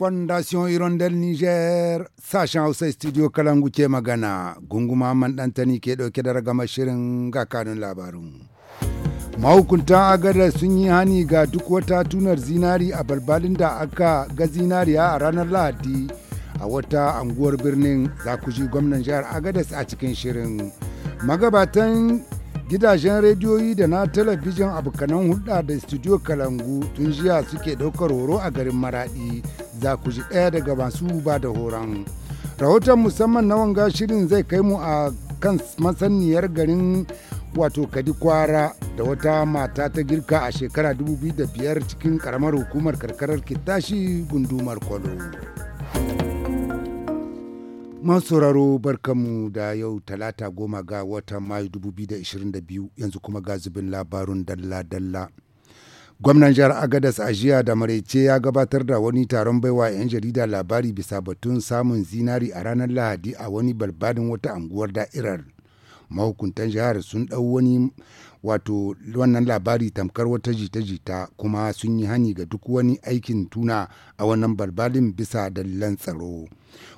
fondation irondel niger sashen hausa studio kalangu ke magana gunguma man ɗantani ke ɗauke da ragamar shirin ga kanun labarin mahukuntan agadar sun yi hani ga duk wata tunar zinari a balbalin da aka ga zinariya a ranar lahadi a wata anguwar birnin za ku ji gwamnan jihar agadas a cikin shirin magabatan gidajen rediyoyi da na talabijin abokanan hulɗa da studio kalangu tun jiya suke ɗaukar horo a garin maraɗi za ku ji ɗaya daga masu ba da horon. Rahoton musamman na wanga shirin zai kai mu a kan masaniyar garin wato Kadikwara da wata mata ta girka a shekara 2005 cikin karamar hukumar karkarar kitashi gundumar Kwalo. sauraro barkamu da yau talata goma ga watan mayu 2022 yanzu kuma ga zubin labarun dalla-dalla. Gwamnan jihar Agadas a jiya da maraice ya gabatar da wani taron baiwa 'yan jarida labari bisa batun samun zinari a ranar Lahadi a wani balbadin wata anguwar da'irar. Mahukuntan jihar sun ɗau wani wato wannan labari tamkar wata jita-jita kuma sun yi hani ga duk wani aikin tuna a wannan balbalin bisa dalilan tsaro.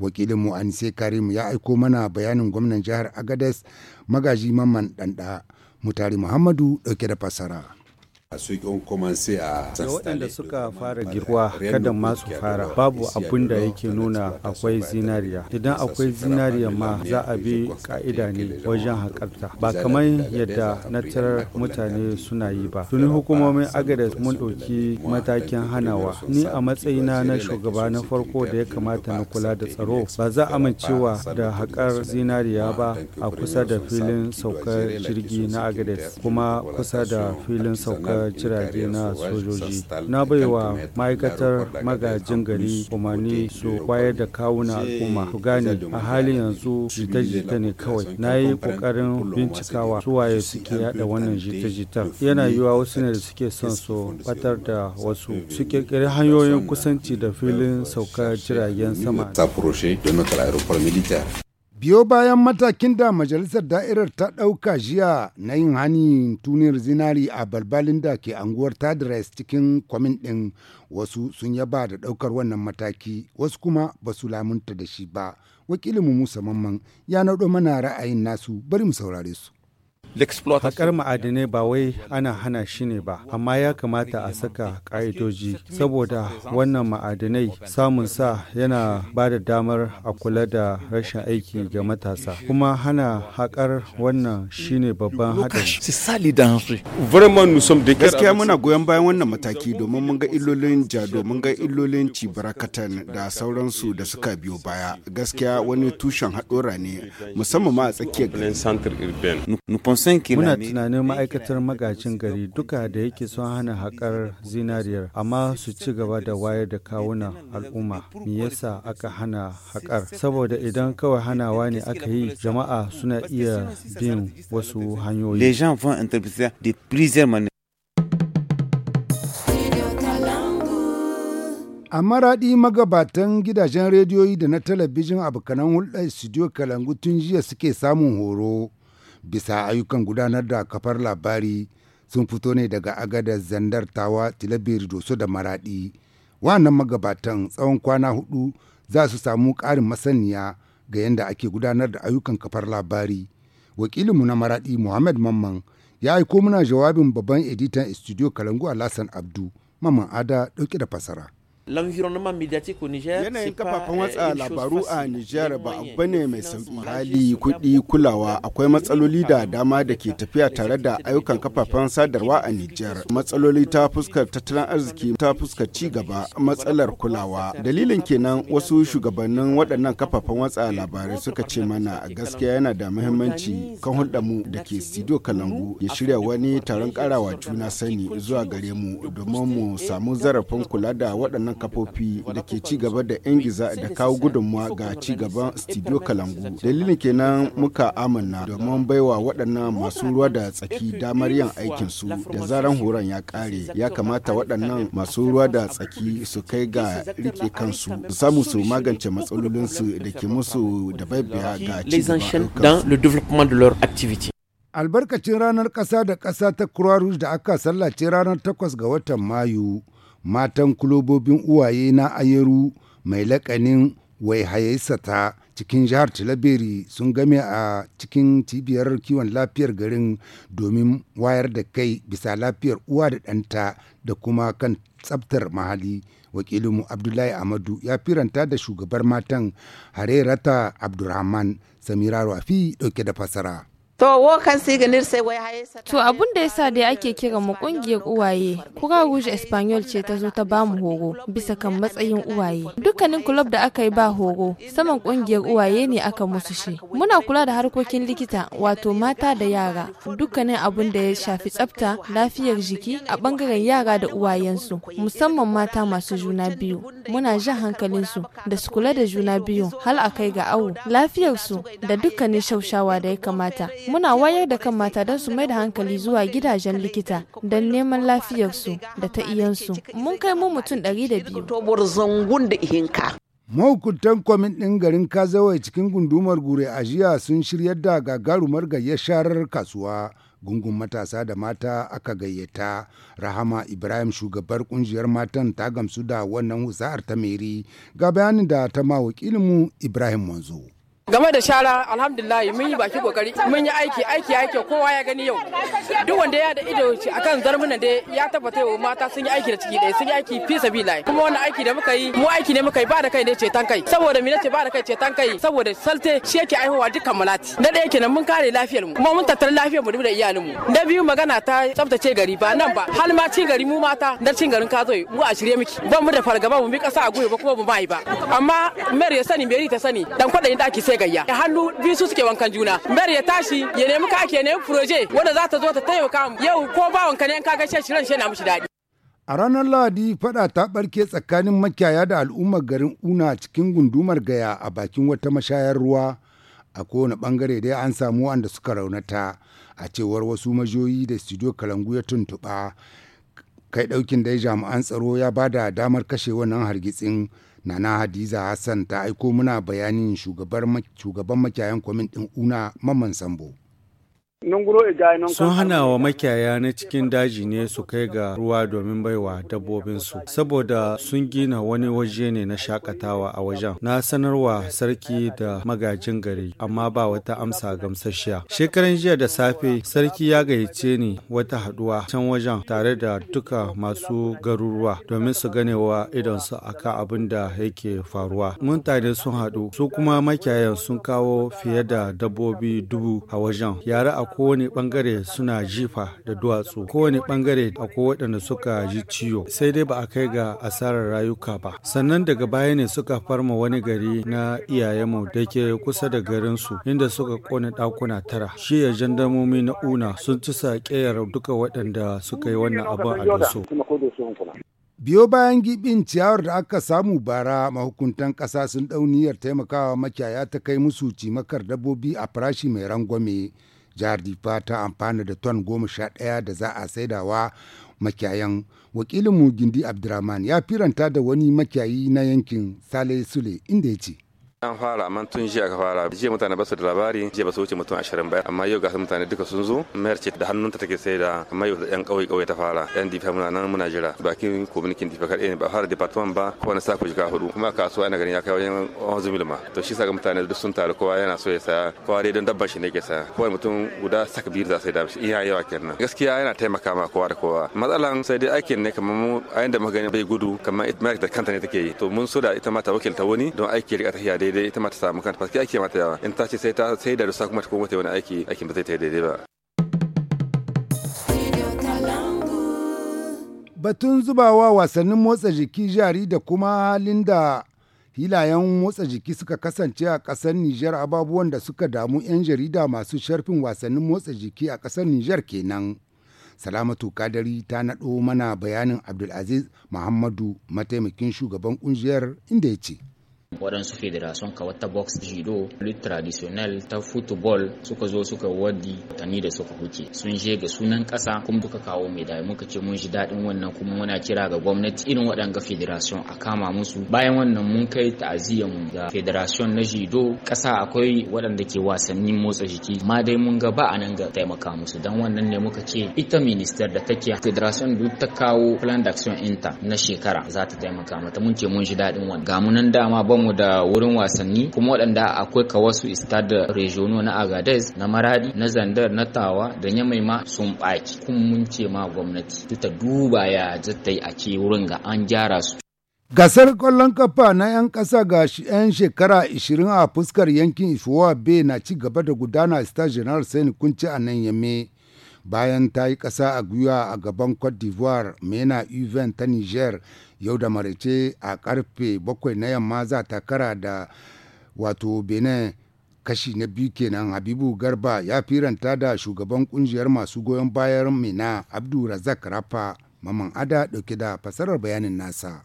Wakilin mu Anise Karim ya aiko mana bayanin gwamnan jihar Agadas magaji Mamman danda Mutari Muhammadu dauke da fasara. da waɗanda suka fara girwa kada masu fara babu abin da yake nuna akwai zinariya idan akwai zinariya ma za a bi ka'ida ne wajen haƙarta ba kamar yadda na mutane suna yi ba tuni hukumomin agadas mun ɗauki matakin hanawa ni a matsayina na shugaba na farko da ya kamata na kula da tsaro ba za a amincewa da haƙar zinariya ba a kusa da filin saukar jirgi na agadas kuma kusa da filin saukar jirage na sojoji na baiwa ma'aikatar magajin gari umarni su kwayar da kawuna al'umma ku gane a halin yanzu jita-jita ne kawai na yi kokarin bincikawa su waye suke yada wannan jita jita yana yiwa wasu ne da suke son su batar da wasu su kirkiri hanyoyin kusanci da filin saukar jiragen sama biyo bayan matakin da majalisar da'irar ta ɗauka jiya na yin hani tuniyar zinari a balbalin da ke anguwar tadres cikin kwamin ɗin wasu sun yaba da ɗaukar wannan mataki wasu kuma ba su lamunta da shi ba wakilinmu musa mamman ya naɗo mana ra'ayin nasu bari mu saurare su Haƙar ma'adinai ba wai ana hana shi ne ba, amma ya kamata a saka ƙa'idoji saboda wannan ma'adinai samun sa yana ba da damar a kula da rashin aiki ga matasa. Kuma hana haƙar wannan shi ne babban haɗari. Gaskiya muna goyon bayan wannan mataki domin mun ga illolin jado, mun ga illolin cibarakatan da sauransu da suka biyo baya. Gaskiya wani tushen haɗora ne musamman ma a tsakiyar Muna tunanin ma'aikatar magajin gari duka da yake son hana haƙar zinariyar, amma su ci gaba da wayar da kawunan al'umma. Me yasa aka hana haƙar? Saboda idan kawai hanawa ne aka yi, jama'a suna iya bin wasu hanyoyi. a maraɗi magabatan gidajen rediyoyi da na talabijin abokanan hulɗar studio kalangu tun jiya suke samun horo bisa ayyukan gudanar da kafar labari sun fito ne daga agadar zandar tawa tilabiri doso da maradi wannan magabatan tsawon kwana hudu za su samu ƙarin masaniya ga yadda ake gudanar da ayyukan kafar labari wakilinmu na maradi muhammad mamman ya aiko muna jawabin babban editan studio kalangu alasan abdu mamman ada dauke da fasara l'environnement médiatique au Niger yanayin kafafen eh, watsa labaru a Niger ba abu ne mai sauki hali kuɗi kulawa akwai matsaloli da dama da ke tafiya tare da ayyukan kafafen sadarwa a Niger matsaloli ta fuskar tattalin arziki ta fuskar ci gaba matsalar kulawa dalilin kenan wasu shugabannin waɗannan kafafen watsa labarai suka ce mana gaskiya yana da muhimmanci kan hulɗa mu da ke studio Kalangu ya shirya wani taron karawa juna sani zuwa gare mu domin mu samu zarafin kula da waɗannan kafofi da ke ci gaba da ingiza da kawo gudunmuwa ga ci gaban studio kalangu dalilin kenan muka amanna domin baiwa waɗannan masu ruwa da tsaki damar yin aikin su da zaran horon ya ƙare ya kamata waɗannan masu ruwa da tsaki su kai ga rike kansu su samu su magance matsalolinsu da ke musu da baibiya ga activity. albarkacin ranar ƙasa da ƙasa ta croix rouge da aka sallace ranar 8 ga watan mayu matan kulobobin uwaye na ayeru mai lakanin ta cikin jihar tilaberi sun game a cikin cibiyar kiwon lafiyar garin domin wayar da kai bisa lafiyar uwa da ɗanta da kuma kan tsabtar mahali wakilinmu abdullahi amadu ya firanta da shugabar matan harerata Abdulrahman, samira rafi dauke da fasara To abun da yasa dai ake kira mu kungiyar uwaye, Kura Rouge Espanyol ce ta zo ta ba mu horo bisa kan matsayin uwaye. Dukkanin kulob da aka yi ba horo, saman kungiyar uwaye ne aka musu shi. Muna kula da harkokin likita, wato mata da yara, dukkanin abun da ya shafi tsafta, lafiyar jiki a bangaren yara da uwayensu, musamman mata masu juna biyu. Muna jan su da su kula da juna biyu, har a kai ga awo, lafiyarsu da dukkanin shaushawa da ya kamata. Muna wayar da kan mata don su mai da hankali zuwa gidajen likita don neman lafiyarsu da ta iyansu. Mun kai mu mutum ɗari da biyu. Mahukuntan kwamin ɗin garin Kazawai cikin gundumar gure a jiya sun shiryar da gagarumar gayyashar kasuwa. gungun matasa da mata aka gayyata rahama ibrahim shugabar kungiyar matan ta gamsu da wannan husa'ar ta meri ga bayanin da ta ma wakilinmu ibrahim manzo game da shara alhamdulillah mun yi baki kokari mun yi aiki aiki aiki kowa ya gani yau duk wanda ya da ido ci akan zarmuna da ya tabbata yau mata sun yi aiki da ciki ɗaya sun yi aiki fi sabila kuma wannan aiki da muka yi mu aiki ne muka yi ba da kai ne ceton kai saboda mina ce ba da kai ceton kai saboda salte shi yake aihowa dukkan malati na ɗaya kenan mun kare lafiyar mu kuma mun tattara lafiyar mu da iyalin mu na biyu magana ta tsaftace gari ba nan ba har ma cin gari mu mata dan cin garin ka zo mu a shirye miki ban mu da fargaba mu bi kasa a gwiwa ba kuma mu mai ba amma mer ya sani meri ta sani dan kwaɗayin ɗaki sai sai gayya da hannu biyu su suke wankan juna mbar ya tashi ya nemi ka ake nemi proje wanda za ta zo ta taimaka yau ko ba wanka ne in ka ga shi ran shi na mishi daɗi A ranar Lahadi fada ta barke tsakanin makiyaya da al'ummar garin Una cikin gundumar Gaya a bakin wata mashayar ruwa a kowane bangare dai an samu wanda suka raunata a cewar wasu majoyi da studio Kalangu ya tuntuɓa. Kai daukin dai jami'an tsaro ya ba da damar kashe wannan hargitsin Nana Hadiza Hassan ta aiko muna bayanin shugaban makiyayan kwamin ɗin Una Mamman Sambo. Sun hana wa makiyaya na cikin daji ne su kai ga ruwa domin baiwa dabbobinsu, saboda sun gina wani waje ne na shakatawa a wajen. Na sanarwa sarki da magajin gari, amma ba wata amsa gamsasshiya. Shekaran jiya da safe, sarki ya gayyace ni wata haɗuwa can wajen tare da duka masu garuruwa domin su ganewa idonsu akan abin da yake faruwa. Mutane sun haɗu, su kuma makiyayan sun kawo fiye da dabbobi dubu a wajen. Yara a kowane bangare suna jifa da duwatsu kowane bangare akwai waɗanda suka ji ciwo sai dai ba a kai ga asarar rayuka ba sannan daga baya ne suka farma wani gari na iyayenmu da ke kusa da garinsu inda suka kone ɗakuna tara shi ya jandamomi na una sun ci saƙeyar duka waɗanda suka yi wannan abin a dusu. biyo bayan gibin ciyawar da aka samu bara mahukuntan ƙasa sun ɗauniyar taimakawa makiyaya ta kai musu cimakar dabbobi a farashi mai rangwame jihar difa ta amfana da ton goma sha ɗaya da za a saidawa makiyayan wakilinmu gindi abdurrahman ya firanta da wani makiyayi na yankin sale sule inda ya ce an fara amma tun jiya aka fara jiya mutane ba su da labari jiya ba su wuce mutum ashirin ba amma yau ga mutane duka sun zo mayar ce da hannunta take sai da amma yau da yan kauye kauye ta fara yan difa muna nan muna jira bakin kominikin difa kaɗai ne ba fara department ba ko wani sako jika hudu kuma kasuwa ina ganin ya kai wajen wanzu milma to shi saka mutane duk sun taru kowa yana so ya saya kowa dai don dabban shi ne ke saya kowa mutum guda saka biyu za su da shi iya yawa kenan gaskiya yana taimaka ma kowa da kowa matsalan sai dai aikin ne kamar mu a yanda muka gani bai gudu kamar ita da kanta ne take yi to mun so da ita ma ta wakilta wani don aiki ya riƙa tafiya daidai daidai ita ma ta samu kanta faske ake mata yawa in ta ce sai ta sai da rusa kuma ta koma ta wani aiki aikin ba zai ta daidai ba batun zubawa wasannin motsa jiki jari da kuma halin da hilayen motsa jiki suka kasance a ƙasar Nijar ababuwan da suka damu 'yan jarida masu sharfin wasannin motsa jiki a ƙasar Nijar kenan. Salamatu Kadari ta naɗo mana bayanin Abdulaziz Muhammadu mataimakin shugaban ƙungiyar inda ya ce. waɗansu federation ka wata box judo lit traditional ta football suka zo suka wadi watanni da suka huce sun je ga sunan ƙasa kuma duka kawo medal muka ce mun ji daɗin wannan kuma muna kira ga gwamnati irin waɗanga federation a kama musu bayan wannan mun kai ta'aziyyar mu ga federation na judo ƙasa akwai waɗanda ke wasannin motsa jiki ma dai mun ga ba a nan ga taimaka musu dan wannan ne muka ce ita minister da take federation duk ta kawo plan d'action inta na shekara za ta taimaka mata mun ce mun ji daɗin wannan ga mu nan dama ba mu da wurin wasanni kuma waɗanda akwai ka wasu istad regiono na agadez na maradi na zandar na tawa da ma sun ɓaki kuma mun ce ma gwamnati ta duba ya zata a ce wurin ga an gyara su Gasar kwallon kafa na 'yan kasa ga 'yan shekara 20 a fuskar yankin Ishuwa Bay na ci gaba da gudana stade General Sani Kunci a nan Yame. Bayan ta yi ƙasa a gwiwa a gaban Cote d'Ivoire, Mena Uven ta Niger yau da maraice a karfe bakwai na yamma za ta kara da wato benin kashi na biyu kenan habibu garba ya firanta da shugaban kungiyar masu goyon bayan mina abdu razak rafa maman ada dauke da fasarar bayanin nasa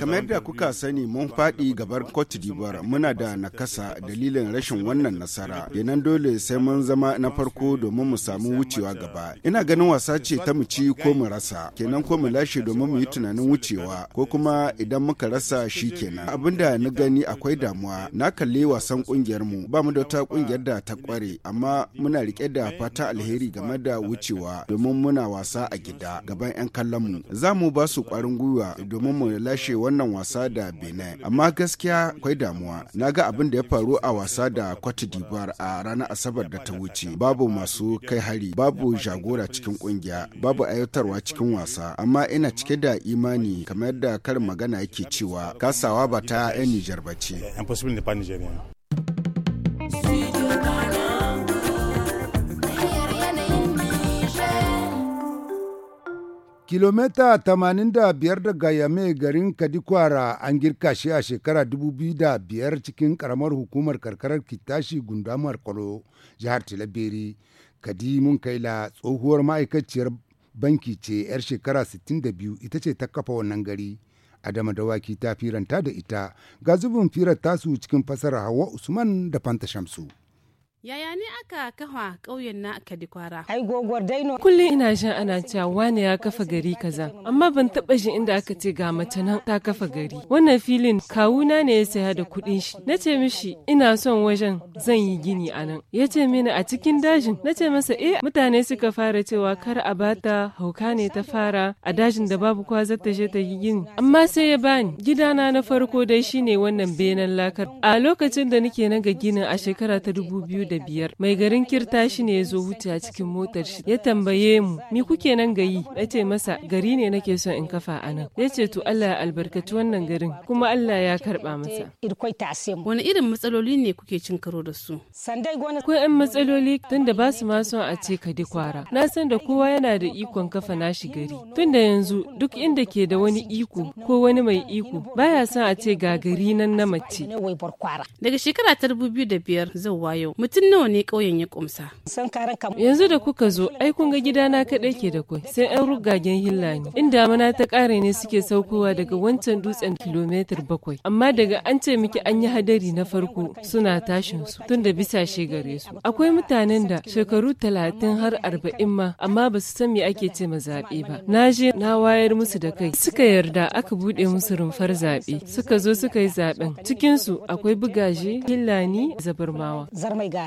Kamar da kuka sani mun faɗi gabar Cote d'Ivoire muna da nakasa dalilin rashin wannan nasara. Kenan dole sai mun zama na farko domin mu samu wucewa gaba. Ina ganin wasa ce ta mu ci ko mu rasa. Kenan ko mu lashe domin mu yi tunanin wucewa ko kuma idan muka rasa shi kenan. Abinda na gani akwai damuwa. Na kalli wasan kungiyar mu. Ba mu da wata kungiyar da ta kware amma muna rike da fata alheri game da wucewa domin muna wasa a gida gaban 'yan kallon mu. Za mu ba su kwarin gwiwa domin mu da lashe wannan wasa da benin amma gaskiya akwai damuwa na ga abin da ya faru a wasa da cote d'ivoire a ranar asabar da ta wuce babu masu kai hari babu jagora cikin kungiya babu aiwatarwa cikin wasa amma ina cike da imani kamar yadda karin magana yake cewa kasawa ba ta 'yan nijar ba ce Kilomita 85 daga Yame garin Kadikwara an girka shi a shekara 2005 cikin karamar hukumar karkarar Kitashi gundamar Kwalo, jihar Tilaberi. Kadi la tsohuwar ma'aikaciyar banki ce 'yar shekara 62 ita ce ta kafa wannan gari. Adama Dawaki ta firanta da ita ga zubin firar tasu cikin fasara Hawa Usman da Fanta Shamsu. Yaya ne aka kafa ƙauyen na Kadikwara? Ai gogor daino. Kullum ina jin ana cewa wane ya kafa gari kaza, amma ban taɓa jin inda aka ce ga mace nan ta kafa gari. Wannan filin kawuna ne ya saya da kuɗin shi. Na ce mishi ina son wajen zan yi gini a nan. Ya ce mini a cikin dajin. Na ce masa eh mutane suka fara cewa kar a bata hauka ne ta fara a dajin da babu kwa ta je ta yi gini. Amma sai ya bani gidana na farko dai shine wannan benen lakar. A lokacin da nake naga ginin a shekara ta dubu biyu da da biyar mai garin kirta shi ne ya zo huce a cikin motar shi ya tambaye mu mi kuke nan gayi na ce masa gari ne nake son in kafa a nan ya ce to Allah ya albarkaci wannan garin kuma Allah ya karba masa wani irin matsaloli ne kuke cin karo da su ko yan matsaloli tunda ba su ma son a ce ka kwara na san da kowa yana da ikon kafa nashi gari tunda yanzu duk inda ke da wani iko ko wani mai iko baya son a ce ga gari nan na mace daga shekara ta biyar, zai wayo tun nawa ne ƙauyen ya kumsa. Yanzu da kuka zo, ai kun ga gidana kaɗai ke da kwai, sai an rugagen hilla ne. Inda mana ta ƙare ne suke saukowa daga wancan dutsen kilomitar bakwai. Amma daga an ce miki an yi hadari na farko suna tashin su tun da bisa shi gare su. Akwai mutanen da shekaru talatin har arba'in ma, amma ba su san me ake ce ma zaɓe ba. Na je na wayar musu da kai, suka yarda aka buɗe musu rumfar zaɓe, suka zo suka yi zaɓen. Cikinsu akwai bugaje, hillani, zabarmawa.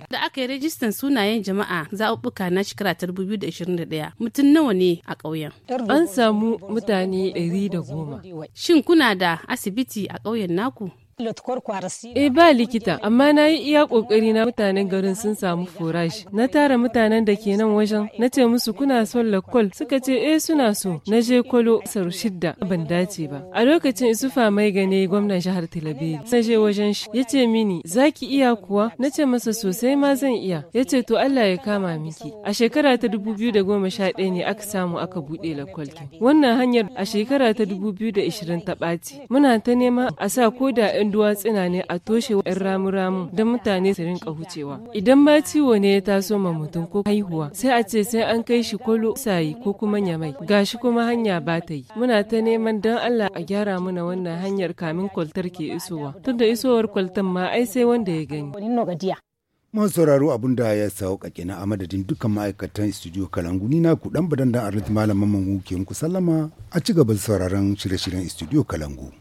biyar. Da aka yi rajistan sunayen jama'a zaɓuɓɓuka na shekara ta 2021 mutum nawa ne a ƙauyen. An samu mutane ɗari da goma. Shin kuna da asibiti a ƙauyen naku? E ba likita, amma na yi iya ƙoƙari na mutanen garin sun samu furashi Na tara mutanen da ke nan wajen, na ce musu kuna son lakol suka ce eh suna so, na je kwalo sau shidda ban dace ba. A lokacin Isufa mai gane gwamnan jihar Talabiri, na je wajen shi, ya ce mini, za iya kuwa? Na ce masa sosai ma zan iya, ya ce to Allah ya kama miki. A shekara ta dubu biyu da goma sha ɗaya ne aka samu aka buɗe lakwalkin. Wannan hanyar a shekara ta dubu biyu da ishirin ta ɓaci. Muna ta nema a sa ko da duwa tsina ne a toshe yan ramu-ramu don mutane su rinka hucewa. Idan ma ciwo ne ya taso ma mutum ko haihuwa sai a ce sai an kai shi kolo sayi ko kuma nyamai gashi kuma hanya ba ta yi. Muna ta neman don Allah a gyara mana wannan hanyar kamin kwaltar ke isowa. Tunda isowar kwaltar ma ai sai wanda ya gani. masu sauraro abin da ya sauka kenan a madadin dukkan ma'aikatan studio kalangu ni na kudan badan dan arlit malaman mamman ke muku sallama a ci gaba sauraron shirye-shiryen studio kalangu.